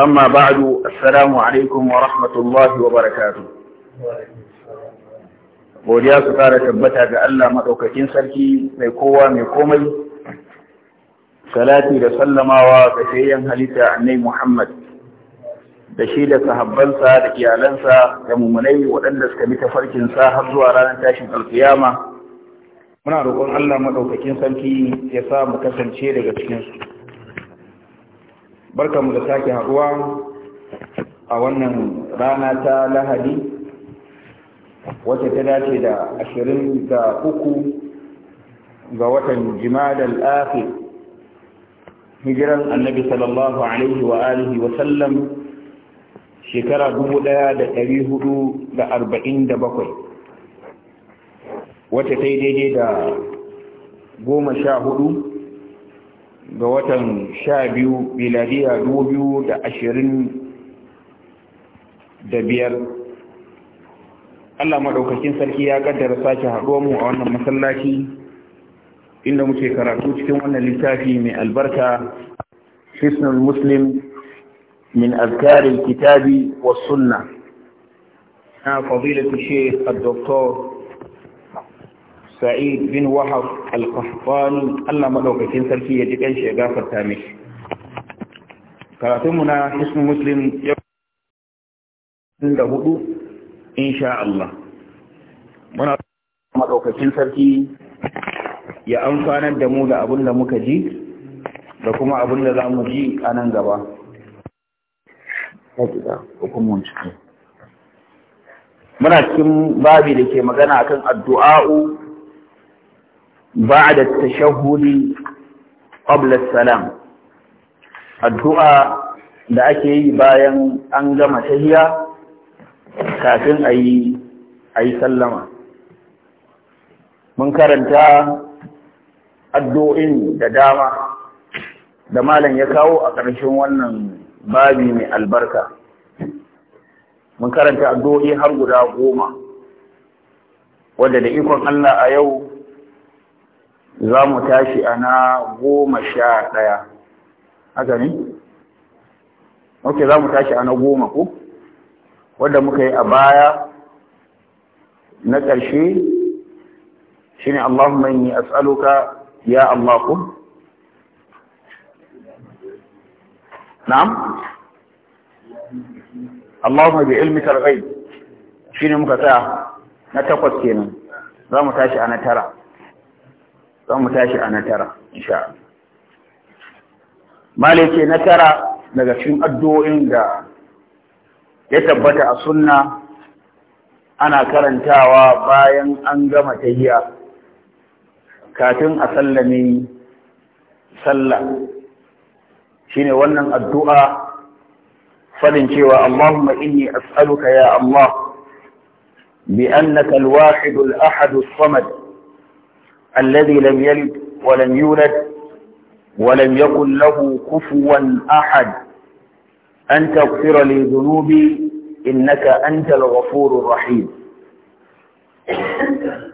أما بعد السلام عليكم ورحمة الله وبركاته godiya su fara tabbata ga Allah maɗaukakin sarki mai kowa mai komai salati da sallamawa ga shayyan halitta annai Muhammad da shi da sahabbansa da iyalansa da mummunai waɗanda suka bi tafarkinsa har zuwa ranar tashin alkiyama muna roƙon Allah maɗaukakin sarki ya sa mu kasance daga cikinsu barkamu da sake haɗuwa a wannan rana ta lahadi wacce ta dace da ashirin da uku ga watan jimadal afi hijiran annabi sallallahu alaihi wa alihi wa sallam shekara dubu ɗaya da ɗari hudu da arba'in da bakwai wacce ta yi daidai da goma sha hudu ga watan sha biyu miladiya dubu biyu da ashirin da biyar Allah maɗaukakin sarki ya ƙaddara sake haɗuwa mu a wannan masallaci inda muke karatu cikin wannan littafi mai albarka hisnul muslim min azkarin kitabi wa sunna na fadilatul shi a doktor sa'id bin wahab al-qahtani Allah madaukakin sarki ya ji kanshi ya gafarta mishi karatunmu na hisnu muslim ya da hudu insha Allah muna madaukakin sarki ya amfanar da mu da abin da muka ji da kuma abin da za mu ji a nan gaba muna cikin babi da ke magana akan addu'a'u بعد التشهد قبل السلام الدعاء da ake yi bayan an gama tahiya kafin ayi yi sallama mun karanta addu'in da dama da malam ya kawo a ƙarshen wannan babi mai albarka mun karanta addu''i har guda goma wadda da ikon Allah a yau za mu tashi a na goma sha ɗaya haka ne? ok za mu tashi a na goma ku? wadda muka yi a baya na ƙarshe shi ne allahumma yi as'aluka ya ku? na'am mai bi ilmi targhib shi ne muka tsaya na takwas kenan za mu tashi a na tara za mu tashi a na tara insha Allah ce na tara daga cikin addu'o'in da ya tabbata a sunna ana karantawa bayan an gama tahiya kafin a sallame sallah shine wannan addu'a fadin cewa Allahumma inni as'aluka ya Allah bi annaka al-wahid al samad الذي لم يلد ولم يولد ولم يكن له كفوا أحد أن تغفر لي ذنوبي إنك أنت الغفور الرحيم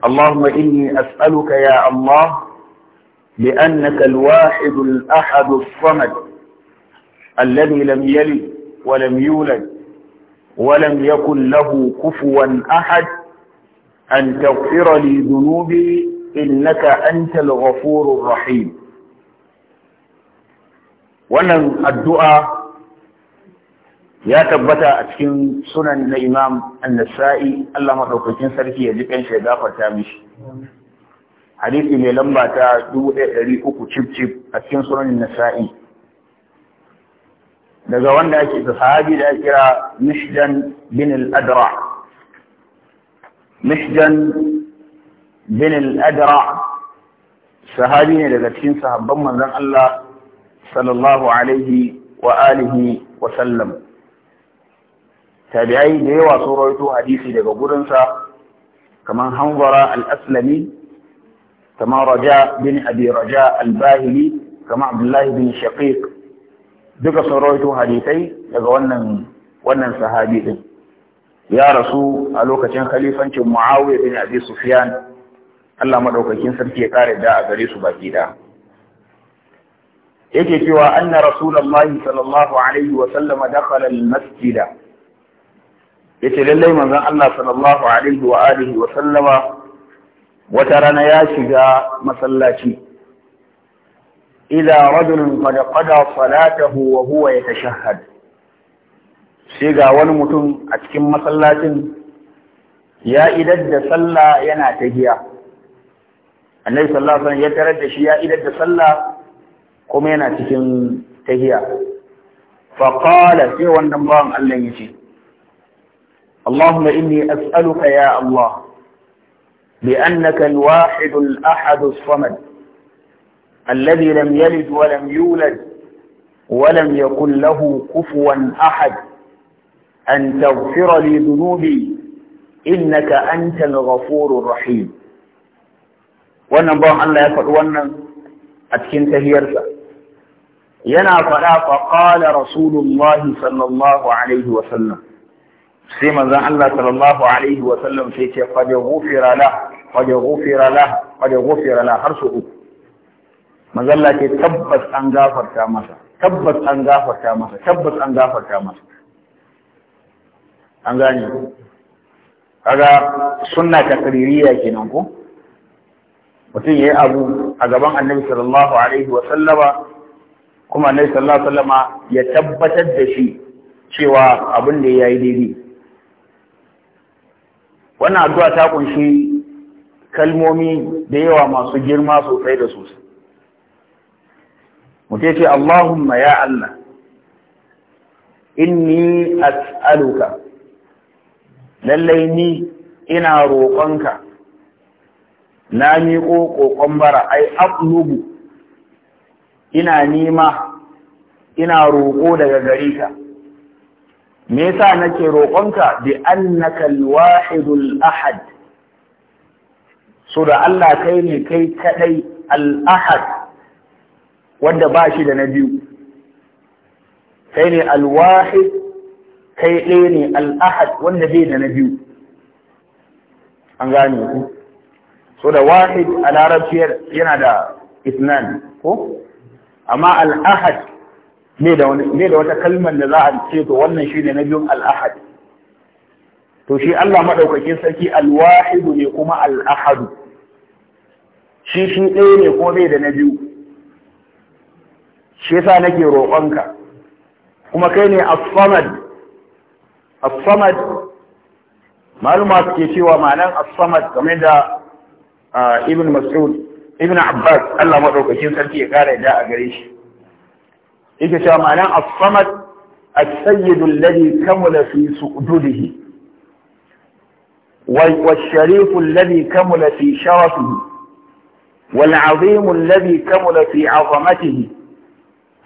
اللهم إني أسألك يا الله لأنك الواحد الأحد الصمد الذي لم يلد ولم يولد ولم يكن له كفوا أحد أن تغفر لي ذنوبي innaka antal ghafurur rahim wannan addu'a ya tabbata a cikin sunan na imam an-nasa'i Allah madaukakin sarki ya ji kanshi ya gafarta mishi hadisi mai lamba ta 1300 cif cif a cikin sunan nasa'i daga wanda ake da sahabi da kira mishdan bin al-adra mishdan bin al-adra sahabi ne daga cikin sahabban manzon Allah sallallahu alaihi wa alihi wa sallam tabi'ai da yawa sun rawaito hadisi daga gurinsa kamar hanzara al-aslami kamar raja bin abi raja al-bahili kamar abdullahi bin shaqiq duka sun rawaito hadisai daga wannan sahabi din ya rasu a lokacin khalifancin muawiya bin abi sufyan Allah maɗaukakin sarki ya kare da a gare su baki da yake cewa anna rasulullahi sallallahu alaihi wa sallam dakhala al Ya yace lallai manzan Allah sallallahu alaihi wa alihi wa sallama wata rana ya shiga masallaci ila rajulin qad qada salatahu wa huwa yatashahhad sai ga wani mutum a cikin masallacin ya idar da sallah yana tahiya annabi sallallahu alaihi wasallam ya tarar da shi ya idar da sallah kuma yana cikin tahiya fa qala sai wannan bawan Allah ya ce Allahumma inni as'aluka ya Allah bi annaka al-wahid al-ahad as-samad alladhi lam yalid wa lam yulad wa lam yakul lahu kufuwan ahad an taghfira li dhunubi innaka antal ghafurur rahim wannan bawan Allah ya faɗi wannan a cikin tahiyarsa yana faɗa fa qala rasulullah sallallahu alaihi wa sallam sai manzon Allah sallallahu alaihi wa sallam sai ce qad ghufira la qad ghufira la qad ghufira la har su uku manzon Allah ce tabbas an gafarta masa tabbas an gafarta masa tabbas an gafarta masa an gane kaga sunna takririya kenan ko mutum ya yi abu a gaban annabi sallallahu alaihi wa sallama kuma annabi sallallahu alaihi wa sallama ya tabbatar da shi cewa abin da ya yi daidai wannan addu'a ta kunshi kalmomi da yawa masu girma sosai da sosai mutum ce Allahumma ya Allah inni as'aluka lallai ni ina roƙonka na miƙo ƙoƙon bara ai ablubu ina nima ina roƙo daga gare ka me yasa nake roƙonka bi annaka al ahad so da Allah kai ne kai kadai al-ahad wanda ba shi da na biyu kai ne al-wahid kai ɗaya ne al-ahad wanda bai da na biyu an gane ku so da wahid a larabciyar yana da isnan ko amma al'ahad ne da wata kalmar da za a ce to wannan shi ne na biyun al'ahad. to shi Allah maɗaukakin sarki al ne kuma al'ahadu? shi shi ɗaya ne ko bai da na biyu shi sa nake roƙonka kuma kai ne as-samad as-samad maluma suke cewa ma'anar as game da ibn mas'ud ibn abbas Allah madaukakin sarki ya kare da a gare shi yake cewa ma'anan as-samad as-sayyid alladhi kamula fi su'dudihi والشريف الذي كمل في شرفه والعظيم الذي كمل في عظمته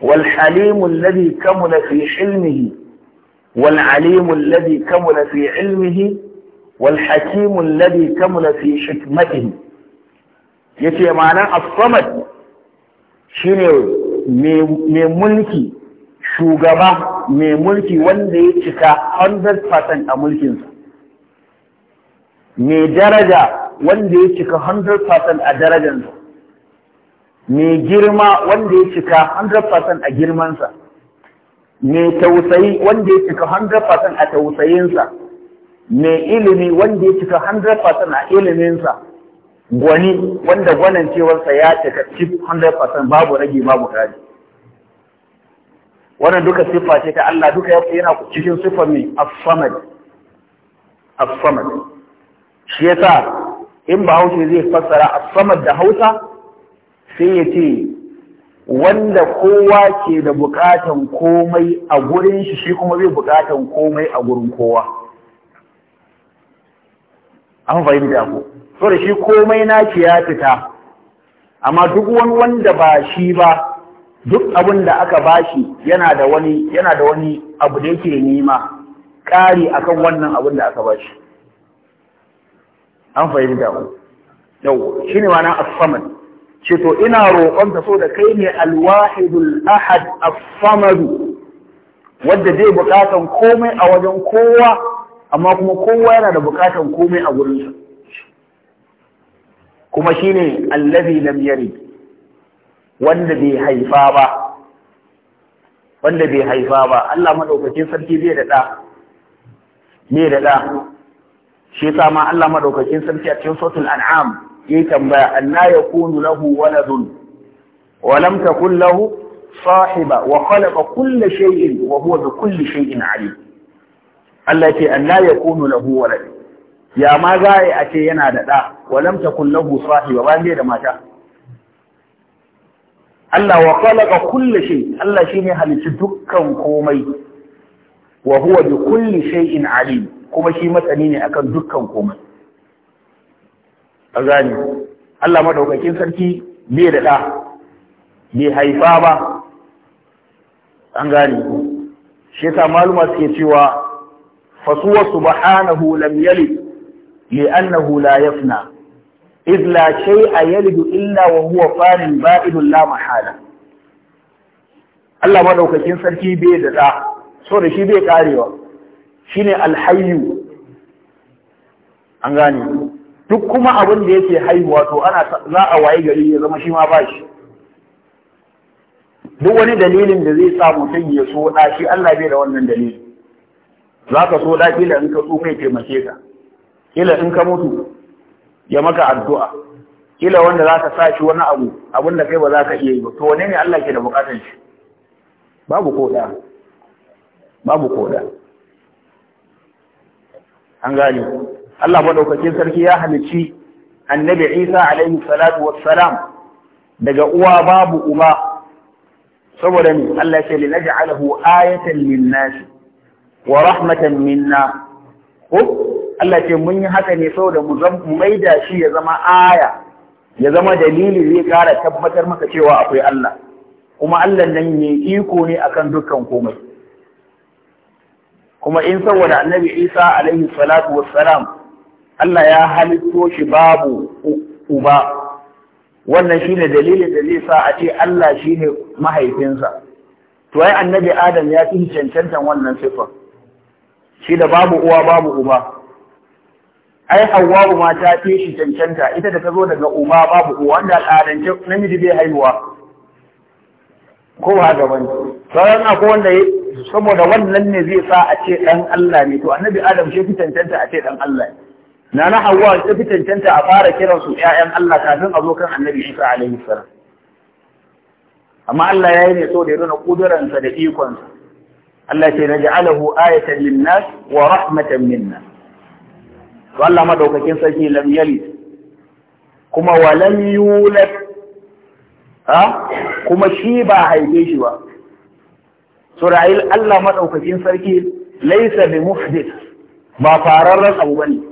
والحليم الذي كمل في حلمه والعليم الذي كمل في علمه والحكيم الذي كمل في حكمته ya ce ma'anar asamad shi ne mai mulki shugaba mai mulki wanda ya cika 100% a mulkinsa mai daraja wanda ya cika 100% a darajansa mai girma wanda ya cika 100% a girmansa mai tausayi wanda ya cika 100% a tausayinsa mai ilimi wanda ya cika 100% a iliminsa gwani wanda gwanin cewarsa ya cika cif 100% babu rage babu kari wannan duka siffa ce ta Allah duka ya yana cikin siffa ne as-samad as-samad shi yasa in ba hausa zai fassara as da Hausa sai ya ce wanda kowa ke da bukatan komai a gurin shi shi kuma bai bukatan komai a gurin kowa an fahimta ku so da shi komai naci ya fita amma duk wani wanda ba shi ba duk abin da aka bashi yana da wani yana da wani abu da yake nema ƙari akan wannan abin da aka bashi an fahimta ku yau shine ne as-samad ce to ina roƙon ta so da kai ne alwahidul ahad as-samad wanda zai buƙatan komai a wajen kowa amma kuma kowa yana da bukatan komai a gurinsa kuma shine allazi lam yarid wanda bai haifa ba wanda bai haifa ba Allah madaukakin sarki bai da da bai da da shi yasa ma Allah madaukakin sarki a cikin suratul an'am yayi tambaya anna yakunu lahu waladun wa lam takul lahu sahiba wa khalaqa kulla shay'in wa huwa bi kulli shay'in alim Allah ce Allah ya kunu lahu walad ya ma za a ce yana da ɗa walam takun lahu sahiba ba da mata Allah wa khalaqa kulli shay Allah shine halicci dukkan komai wa huwa bi kulli shay'in alim kuma shi matsani ne akan dukkan komai a Allah madaukakin sarki bai da ɗa bai haifa ba an gane shi yasa maluma suke cewa فسوى سبحانه لم يلد لأنه لا يفنى إذ لا شيء يلد إلا وهو فان بائد لا محالة Allah madaukakin sarki bai da ɗa, so da shi bai ƙarewa, shi ne alhayu, an gane, duk kuma abin da yake haihuwa to ana za a waye gari ya zama shi ma ba shi. Duk wani dalilin da zai sa mutum ya so shi Allah bai da wannan dalilin. za ka so da in ka tsufa ya taimake ka kila in ka mutu ya maka addu'a kila wanda za ka sa shi wani abu abin da kai ba za ka iya yi ba to wane ne Allah ke da bukatar shi babu koda babu koda an gane Allah madaukakin sarki ya halicci annabi Isa alaihi salatu wassalam daga uwa babu uba saboda ne Allah ce naj'alahu ayatan lin nasi wa rahmatan minna ko Allah ce mun yi haka ne saboda mu maida shi ya zama aya ya zama dalili zai kara tabbatar maka cewa akwai Allah kuma Allah nan ne iko ne akan dukkan komai kuma in saboda annabi Isa alaihi salatu wassalam Allah ya halitto shi babu uba wannan shine dalilin da zai sa a ce Allah shine mahaifinsa to ai annabi Adam ya fi cancantan wannan sifar shi da babu uwa babu uba ai hawwa'u ma ta ce shi cancanta ita da ta zo daga uba babu uwa wanda al'adance namiji bai haihuwa ko ba ga bane sauran akwai wanda saboda wannan ne zai sa a ce dan Allah ne to annabi Adam shi fi cancanta a ce dan Allah na na hawwa ta fi cancanta a fara kiran su ‘ya'yan Allah kafin a zo kan annabi Isa alaihi salam. Amma Allah ya yi ne so da ya nuna ƙudurarsa da ikonsa. Allah ce alahu ayatan lin wa rahmatan minna to Allah madaukakin sarki lam yalid kuma wa lam yulad ha kuma shi ba haife shi ba sura'il Allah madaukakin sarki laysa bi muhdith ba fararren abu bane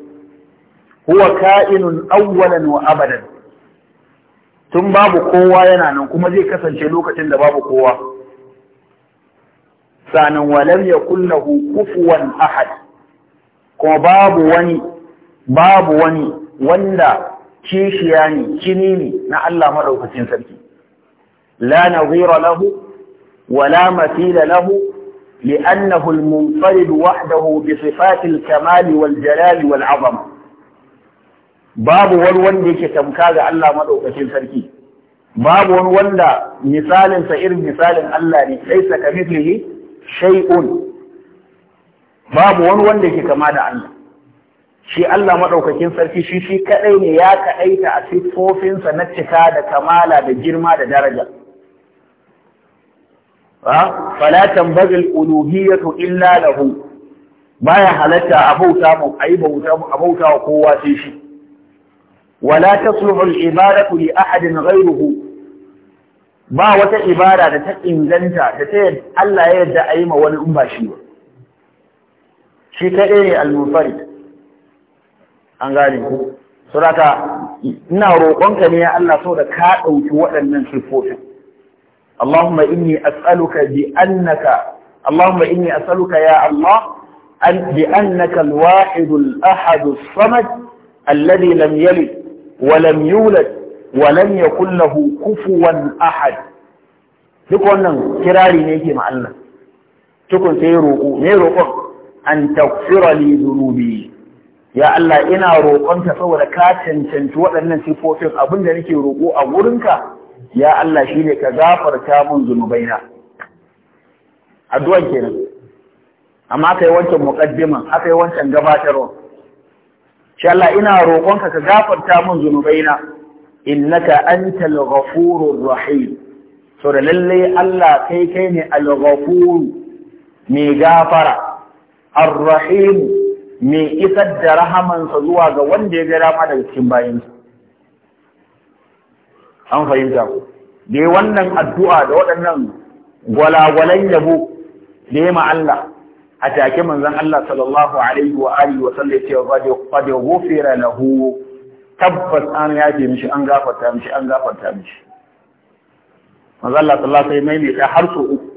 huwa ka'inun awwalan wa abadan tun babu kowa yana nan kuma zai kasance lokacin da babu kowa sanan walam yakul lahu kufuwan ahad kuma babu wani babu wani wanda kishiya ne kini ne na Allah madaukakin sarki la nazira lahu wala mafila lahu لأنه المنفرد وحده بصفات الكمال والجلال والعظمة باب ولون ديك تمكاز الله sarki. سركي باب ولون مثال سئر مثال الله ليس كمثله shay'un babu wani wanda ke kama da Allah shi Allah maɗaukakin sarki shi shi kaɗai ne ya kaɗaita a siffofinsa na cika da kamala da girma da daraja fala tambagil uluhiyatu illa lahu baya halatta a bauta mu a bauta mu a bauta wa kowa sai shi wala tasluhu al-ibadatu li ahadin ghayruhu ba wata ibada da ta inganta da ta Allah ya yarda a yi ma wani in ba shi ba shi ne al mufari an gane ku suraka ina roƙonka ne ya Allah so da ka ɗauki waɗannan sifofin Allahumma inni as'aluka bi annaka Allahumma inni as'aluka ya Allah an bi annaka al-wahid al-ahad as-samad alladhi lam yalid wa lam yulad walan ya kullahu kufuwan ahad duk wannan kirari ne yake ma Allah tukun sai roƙo me roƙon an tagfira li dhunubi ya Allah ina roƙonka saboda ka cancanci waɗannan sifofin abin da nake roƙo a wurinka ya Allah shine ka gafarta mun zunubaina addu'an kenan amma kai wancan muqaddiman akai wancan gabatarwa Sha Allah ina roƙonka ka gafarta mun zunubaina innaka antal ghafurur rahim so da lalle Allah kai kai ne al-ghafur mai gafara ar-rahim mai isar da rahamansa zuwa ga wanda ya ga dama daga cikin bayansa an fahimta ku da wannan addu'a da waɗannan gwalagwalan yabo da ya Allah a take manzon Allah sallallahu alaihi wa alihi wa sallam ya ce qad ghufira lahu tabbas an yafe mishi an gafarta mishi an gafarta mishi manzo Allah sallallahu alaihi wasallam mai har so uku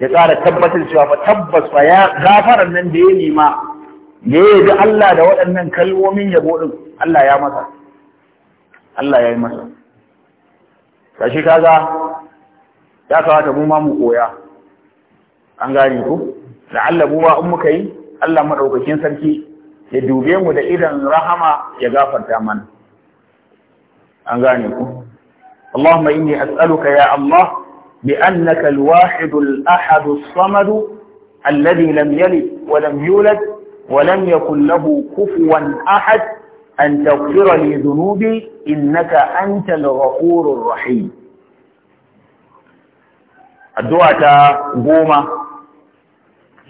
ya tsara tabbatar cewa fa tabbas fa ya gafaran nan da ya nema da ya yi Allah da waɗannan kalmomin yabo din Allah ya masa Allah ya yi masa kashi kaga ya kawata mu ma mu koya an gane ku la'alla mu ma in muka yi Allah madaukakin sarki ya dube mu da idan rahama ya gafarta mana an gane ku اللهم إني أسألك يا الله بأنك الواحد الأحد الصمد الذي لم يلد ولم يولد ولم يكن له كفوا أحد أن تغفر لي ذنوبي إنك أنت الغفور الرحيم الدعاء قومة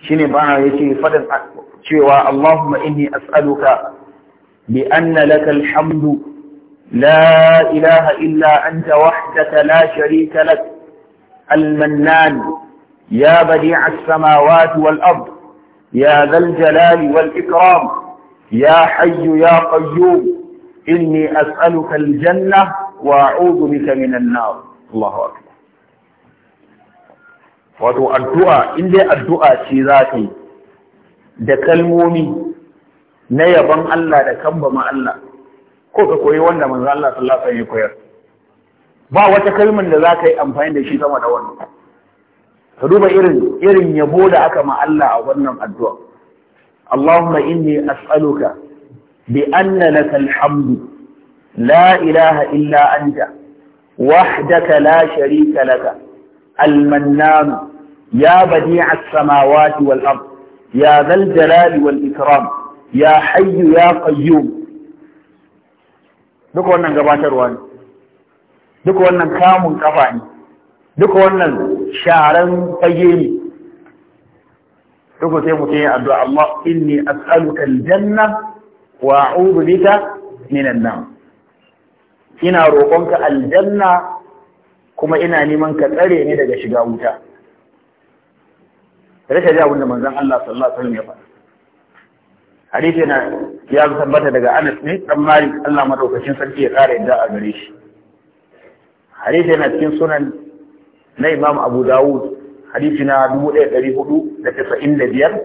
شيني بانا يشي فدن شوى اللهم إني أسألك بأن لك الحمد لا إله إلا أنت وحدك لا شريك لك المنان يا بديع السماوات والأرض يا ذا الجلال والإكرام يا حي يا قيوم إني أسألك الجنة وأعوذ بك من النار الله أكبر wato الدعاء إن dai الدعاء شي ذاتي ka yi da kalmomi الله ko ka koyi wanda manzo Allah sallallahu alaihi wasallam ya koyar ba wata kalmar da za ka yi amfani da shi sama da wannan ka duba irin irin yabo da aka ma Allah a wannan addu'a Allahumma inni as'aluka bi anna laka alhamdu la ilaha illa anta wahdaka la sharika laka المنان يا بديع السماوات والأرض يا ذا الجلال والإكرام يا حي يا قيوم duka wannan gabatarwa ne duka wannan kamun kafa ne duka wannan sharan fage ne duka sai mutum ya addu'a Allah inni as'aluka aljanna wa a'udhu bika minan nar ina roƙonka aljanna kuma ina neman ka tsare ni daga shiga wuta. Rashin ji abin da manzon Allah sallallahu alaihi wasallam ya faɗa. hadisi na ya tabbata daga Anas ne dan mari Allah madaukakin sarki ya kare yadda a gare shi hadisi na cikin sunan na Imam Abu Dawud hadisi na 1495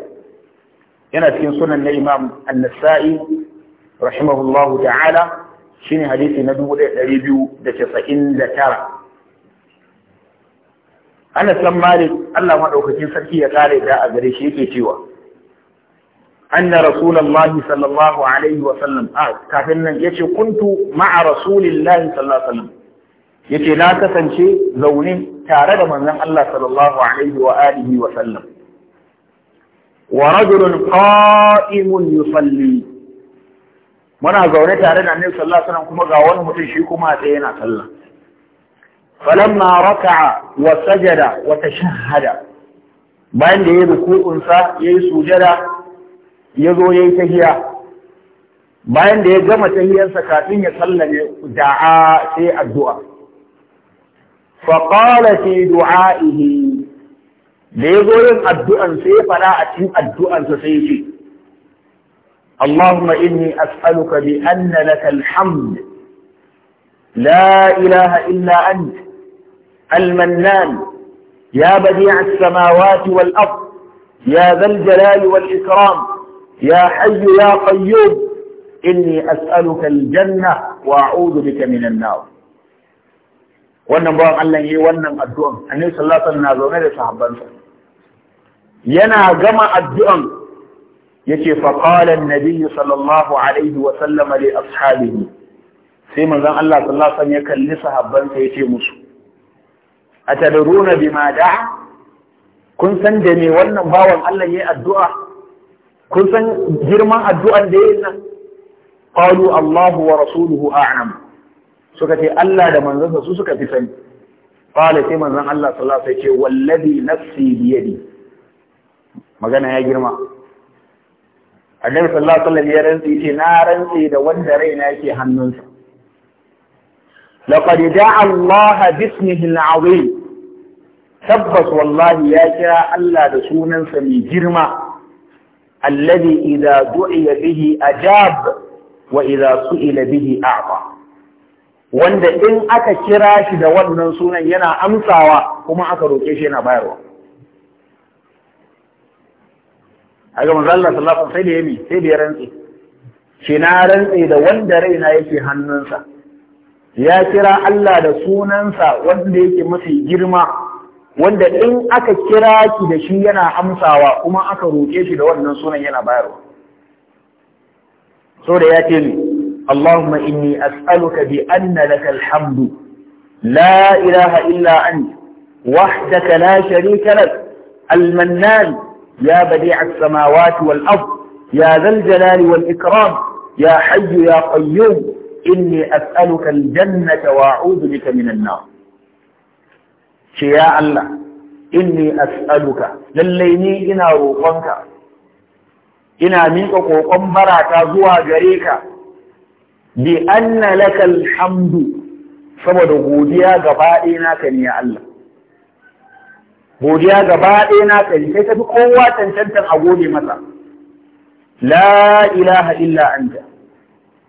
yana cikin sunan na Imam An-Nasa'i rahimahullahu ta'ala shine hadisi na 1299 Anas dan mari Allah madaukakin sarki ya kare da a gare shi yake cewa أن رسول الله صلى الله عليه وسلم آه كافرنا يتي كنت مع رسول الله صلى الله عليه وسلم يتي لا تسنشي زوني تارد من الله صلى الله عليه وآله وسلم ورجل قائم يصلي muna zaune tare da annabi sallallahu alaihi kuma ga wani mutum shi kuma sai yana sallah falamma raka'a wa sajada wa bayan da yayi ruku'un sa yayi sujada ya zo ya yi tahiya bayan da ya gama tahiyarsa kafin ya sallame da'a sai addu'a faƙala fi du'a'ihi da ya zo yin addu'an sai ya fara a cikin addu'ansa sai ya ce Allahumma inni as'aluka bi anna laka alhamd la ilaha illa ant al-mannan ya badi'a as-samawati wal ard ya يا حي يا قيوم إني أسألك الجنة وأعوذ بك من النار wannan bawan Allah yi wannan addu'an annabi sallallahu alaihi na zaune da sahabbansa yana gama addu'an Ya ce qala an-nabi sallallahu alaihi wa sallama li ashabihi sai manzon Allah sallallahu ya kalli sahabbansa ce musu A bi ma da? kun san da me wannan bawan Allah yi addu'a kun san girman addu'an da yayin nan qalu Allahu wa rasuluhu a'lam suka ce Allah da manzansa su suka fi sani Ƙwale sai manzon Allah sallallahu alaihi wasallam ce wallazi nafsi bi yadi magana ya girma annabi sallallahu alaihi wasallam ya rantsi ce na rantsi da wanda raina yake hannunsa laqad da'a Allah bismihi al-azim tabbas wallahi ya kira Allah da sunansa mai girma alladhi idza du'iya bihi ajab wa idza su'ila bihi a'ta wanda in aka kira shi da wannan sunan yana amsawa kuma aka roke shi yana bayarwa aga manzo Allah sallallahu alaihi wasallam sai da yami sai da rantsi shi na rantsi da wanda raina yake hannunsa ya kira Allah da sunansa wanda yake mafi girma wanda in aka kira ki da shi yana amsawa kuma aka roke shi da wannan sunan yana bayarwa so da ya ce ni Allahumma inni as'aluka bi anna lakal hamdu la ilaha illa anta wahdaka la sharika lak al-mannan ya badi'a as-samawati wal ard ya dhal jalali wal ikram ya hayyu ya qayyum inni as'aluka al-jannata wa a'udhu bika minan nar ce ya Allah inni as'aluka lallai ni ina roƙonka ina miƙa ƙoƙon barata zuwa gare ka bi anna lakal hamdu saboda godiya gaba ɗaya naka ne ya Allah godiya gaba ɗaya naka ne kai tafi kowa cancantan a gode masa la ilaha illa anta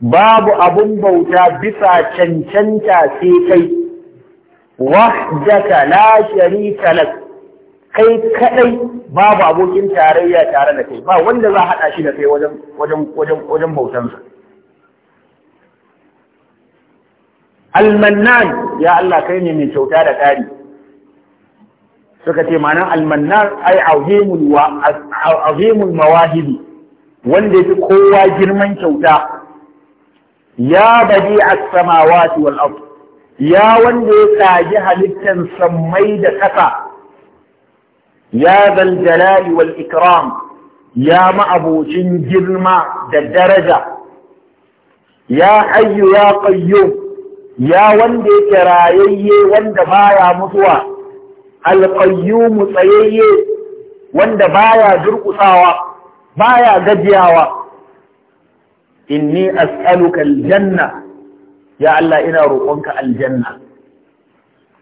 babu abun bauta bisa cancanta sai kai wahdaka la sharika lak kai kadai babu abokin tarayya tare da kai ba wanda za hada shi da kai wajen wajen wajen wajen al-mannan ya Allah kai ne mai kyauta da kari suka ce ma'anar almannan ai azimul mawahibi wanda ya kowa girman kyauta ya badi a samawati wal ardh ya wanda ya kaji halittar sammai da ƙasa ya zal wal ikram ya ma'abocin girma da daraja ya hayyu ya ƙayyo ya wanda yake rayayye wanda baya mutuwa al mu tsayayye wanda baya durƙusawa baya gajiyawa inni as'aluka al janna ya Allah ina roƙonka aljanna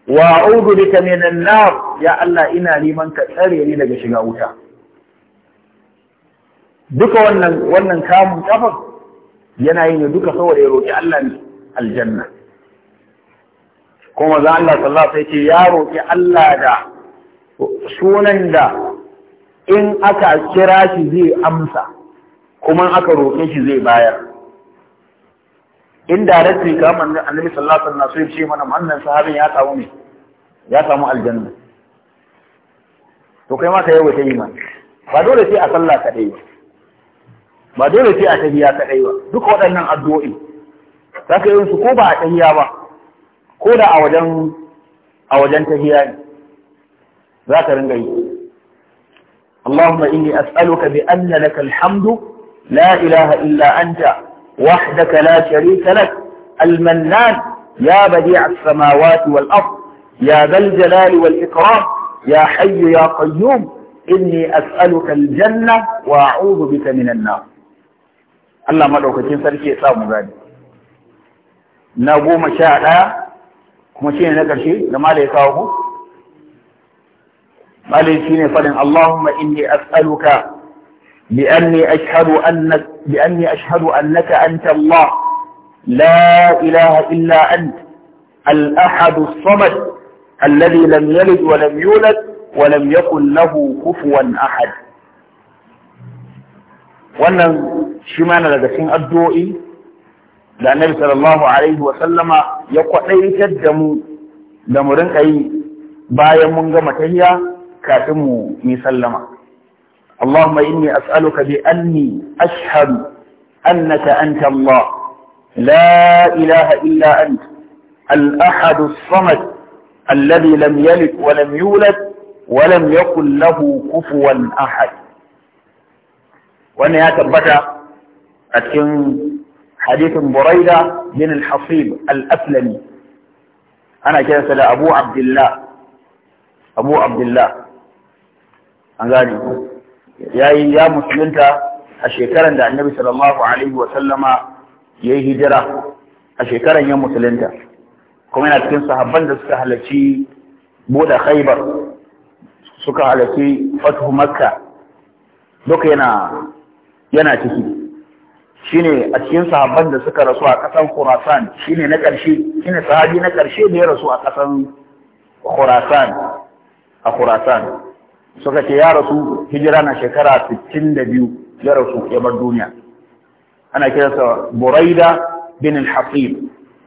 wa a'udhu bika minan nar ya Allah ina neman ka tsare ni daga shiga wuta duka wannan wannan kamun kafar yana yi ne duka saboda ya roƙi Allah aljanna kuma za Allah sallallahu alaihi ya roƙi Allah da sunan da in aka kira shi zai amsa kuma in aka roƙe shi zai bayar indirectly kamar annabi sallallahu alaihi wasallam sai ce mana wannan sahabin ya samu ne ya samu aljanna to kai ma ka yawo iman ba dole sai a sallah kadai ba ba dole sai a tahiyya kadai ba duka waɗannan addu'o'i za ka yi su ko ba a tahiyya ba ko da a wajen a wajen ne za ka ringa yi اللهم إني أسألك بأن لك الحمد لا إله إلا أنت وحدك لا شريك لك المنان يا بديع السماوات والأرض يا ذا الجلال والإكرام يا حي يا قيوم إني أسألك الجنة وأعوذ بك من النار الله مدعوك تنسل شيء صاب مبادئ نبو مشاء لا كما شيني نكر شيء لما لي صابه ما لي شيني فلن اللهم إني أسألك بأني أشهد أنك بأني أشهد أنك أنت الله لا إله إلا أنت الأحد الصمد الذي لم يلد ولم يولد ولم يكن له كفوا أحد wannan shi mana daga cikin addu'o'i da annabi sallallahu alaihi wa sallama ya kwaɗaitar da mu da mu rinka yi bayan mun gama tahiya kafin mu yi sallama اللهم إني أسألك بأني أشهد أنك أنت الله لا إله إلا أنت الأحد الصمد الذي لم يلد ولم يولد ولم يكن له كفوا أحد وأن يتبتع أتكن حديث بريدة بن الحصيب الأسلمي أنا كنت أبو عبد الله أبو عبد الله أنغاني ya yi ya musulunta a shekaran da annabi sallallahu alaihi wa sallama ya yi hijira a shekaran ya musulunta kuma yana cikin sahabban da suka halarci buɗe khaibar suka halarci fatuhu makka duka yana yana ciki shine a cikin sahabban da suka rasu a kasan khurasan shine na ƙarshe shine sahabi na ƙarshe da ya rasu a ƙasan khurasan a khurasan suka ce ya rasu hijira na shekara 62 ya rasu ya bar duniya ana kiransa buraida bin al-hasib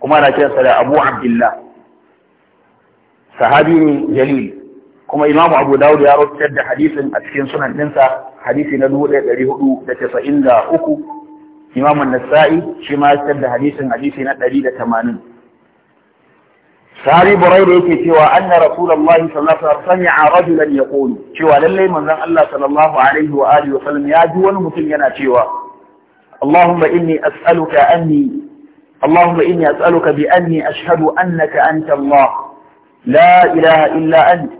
kuma ana kiransa da abu abdullah sahabi ne jalil kuma imamu abu dawud ya rubutar da hadisin a cikin sunan ɗinsa hadisi na 1493 imamu nasa'i shi ma ya da hadisin hadisi na 180 sahabi burairu yake cewa anna rasulullahi sallallahu alaihi wasallam sami'a rajulan yaqulu cewa lalle manzon Allah sallallahu alaihi wa alihi wasallam ya ji wani mutum yana cewa Allahumma inni as'aluka anni Allahumma inni as'aluka bi anni ashhadu annaka anta Allah la ilaha illa anta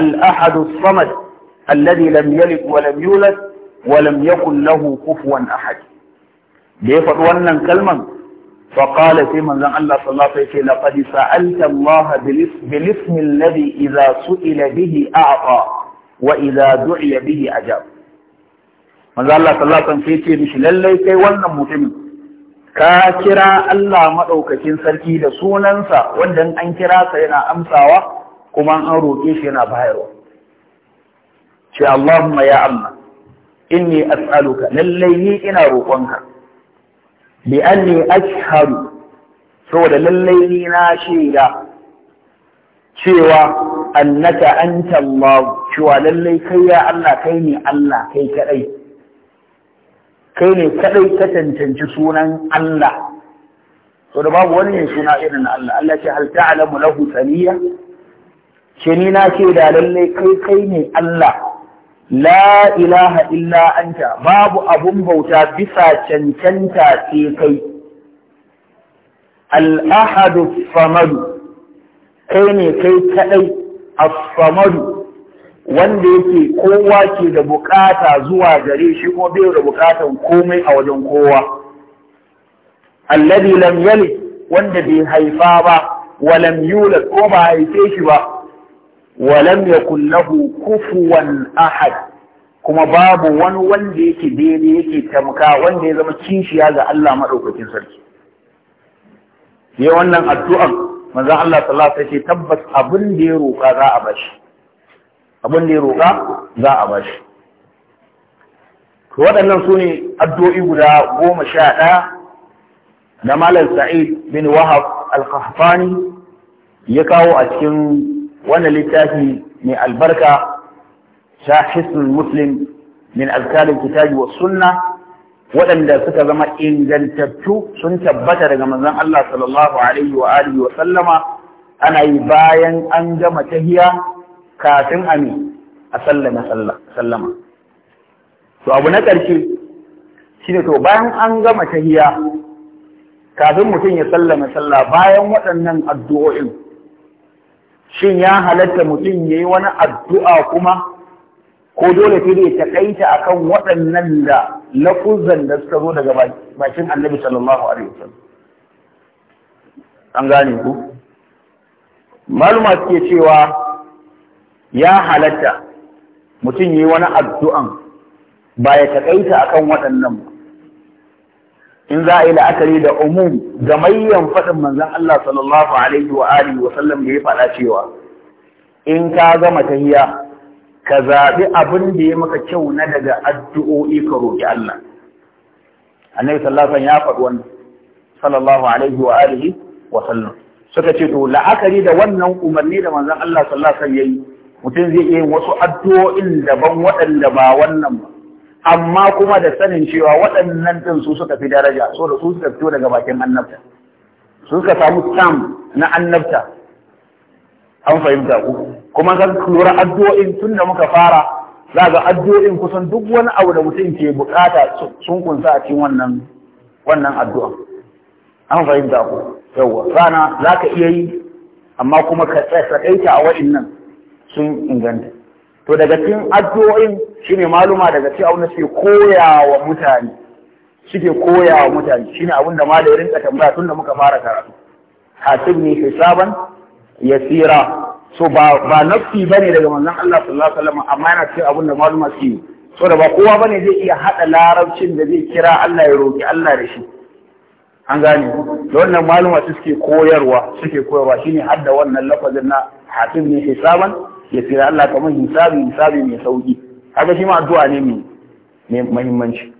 al-ahad as-samad alladhi lam yalid wa lam yulad wa lam yakul lahu kufuwan ahad da ya faɗi wannan kalman فقال في من ذن الله صلى الله عليه وسلم لقد سألت الله بالاسم الذي إذا سئل به أعطى وإذا دعي به أجاب من ذن الله صلى الله عليه وسلم في مش للي كي ولن مهم كاكرا الله مدوكتين سركي لسوننسا ودن أنكرا سينا أمساوا كما أنرو إيشنا بهيرو شاء اللهم يا عم إني أسألك للي إنا روحانك bi anni ashhadu saboda lallai ni na shaida cewa annaka anta Allah cewa lallai kai ya Allah kai ne Allah kai kadai kai ne kadai ka tantance sunan Allah Saboda babu wani suna irin Allah Allah ce hal ta'lamu lahu samiya ce ni na ce da lallai kai kai ne Allah la ilaha illa anta babu abun bauta bisa cancanta sai kai al-ahadu famadu kai ne kai kaɗai A famadu wanda yake kowa ke da bukata zuwa gare shi ko bai da bukatan komai a wajen kowa alladi lam yalid wanda bai haifa ba wa lam ko ba haife shi ba walam yakun lahu kufuwan ahad kuma babu wani wanda yake daidai yake tamka wanda ya zama kishiya ga Allah madaukakin sarki sai wannan addu'an, manzon Allah sallallahu alaihi wasallam tabbas abin da ya roƙa za a bashi abin da ya roƙa za a bashi to waɗannan su ne addu'o'i guda goma sha ɗaya da Malam Sa'id bin Wahab al-Qahtani ya kawo a cikin wannan littafi mai albarka hisnul muslim min alkalin kitabi wa sunna waɗanda suka zama ingantattu sun tabbata daga manzon Allah sallallahu alaihi wa alihi wa sallama ana yi bayan an gama tahiya kafin ami a sallama sallama to abu na ƙarshe shine to bayan an gama tahiya kafin mutum ya sallama sallah bayan waɗannan addu'o'in shin ya halatta mutum ya yi wani addu'a kuma ko dole sai dai a kan waɗannan da lafuzan da suka zo daga bakin annabi sallallahu alaihi wasallam an gane ku maluma suke cewa ya halatta mutum ya yi wani addu'an ba ya a kan waɗannan ba in za a yi la'akari da umum gamayyan faɗin manzon Allah sallallahu alaihi wa alihi wa sallam da ya faɗa cewa in ka gama tahiya ka zaɓi abin da ya maka kyau na daga addu'o'i ka roƙi Allah annabi sallallahu alaihi ya faɗi wannan sallallahu alaihi wa alihi wa sallam suka ce to la'akari da wannan umarni da manzon Allah sallallahu alaihi wa sallam yayi mutum zai iya yin wasu addu'o'in daban waɗanda ba wannan ba amma kuma da sanin cewa waɗannan ɗin su suka fi daraja so da su suka fito daga bakin annabta su suka samu tam na annabta an fahimta ku kuma ka lura addu'o'in tun da muka fara za ga addu'o'in kusan duk wani abu da mutum ke bukata sun kunsa a cikin wannan wannan addu'a an fahimta ku yawwa rana za ka iya yi amma kuma ka tsakaita a waɗannan sun inganta to daga cikin addu'o'in shine maluma daga cikin abin da suke koyawa mutane suke koyawa mutane shine abin da malai rinka tambaya tun da muka fara karatu hasibni hisaban yasira so ba ba nafsi bane daga manzon Allah sallallahu alaihi wasallam amma yana cikin abin da maluma suke so da ba kowa bane zai iya hada larabcin da zai kira Allah ya roki Allah da shi an gane da wannan maluma suke koyarwa suke koyarwa shine hadda wannan lafazin na hasibni hisaban ya tsira Allah kamar hisabi hisabi mai sauki haka shi ma addu'a ne mai muhimmanci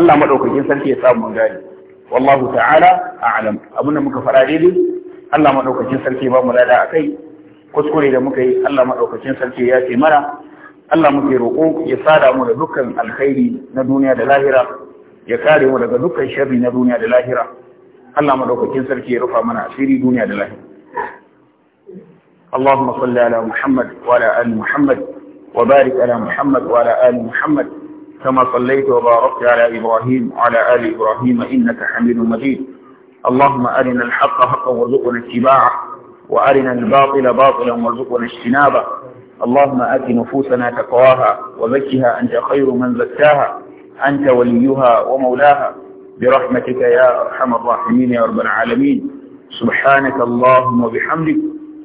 Allah madaukakin sarki ya samu gani wallahu ta'ala a'lam da muka fara daidai Allah madaukakin sarki ba mu lada akai kuskure da muka yi Allah madaukakin sarki ya ce mana Allah muke roƙo ya sada mu da dukkan alkhairi na duniya da lahira ya kare mu daga dukkan sharri na duniya da lahira Allah madaukakin sarki ya rufa mana asiri duniya da lahira اللهم صل على محمد وعلى آل محمد وبارك على محمد وعلى آل محمد كما صليت وباركت على إبراهيم وعلى آل إبراهيم إنك حميد مجيد اللهم أرنا الحق حقا وارزقنا اتباعه وأرنا الباطل باطلا وارزقنا اجتنابه اللهم آت نفوسنا تقواها وزكها أنت خير من زكاها أنت وليها ومولاها برحمتك يا أرحم الراحمين يا رب العالمين سبحانك اللهم وبحمدك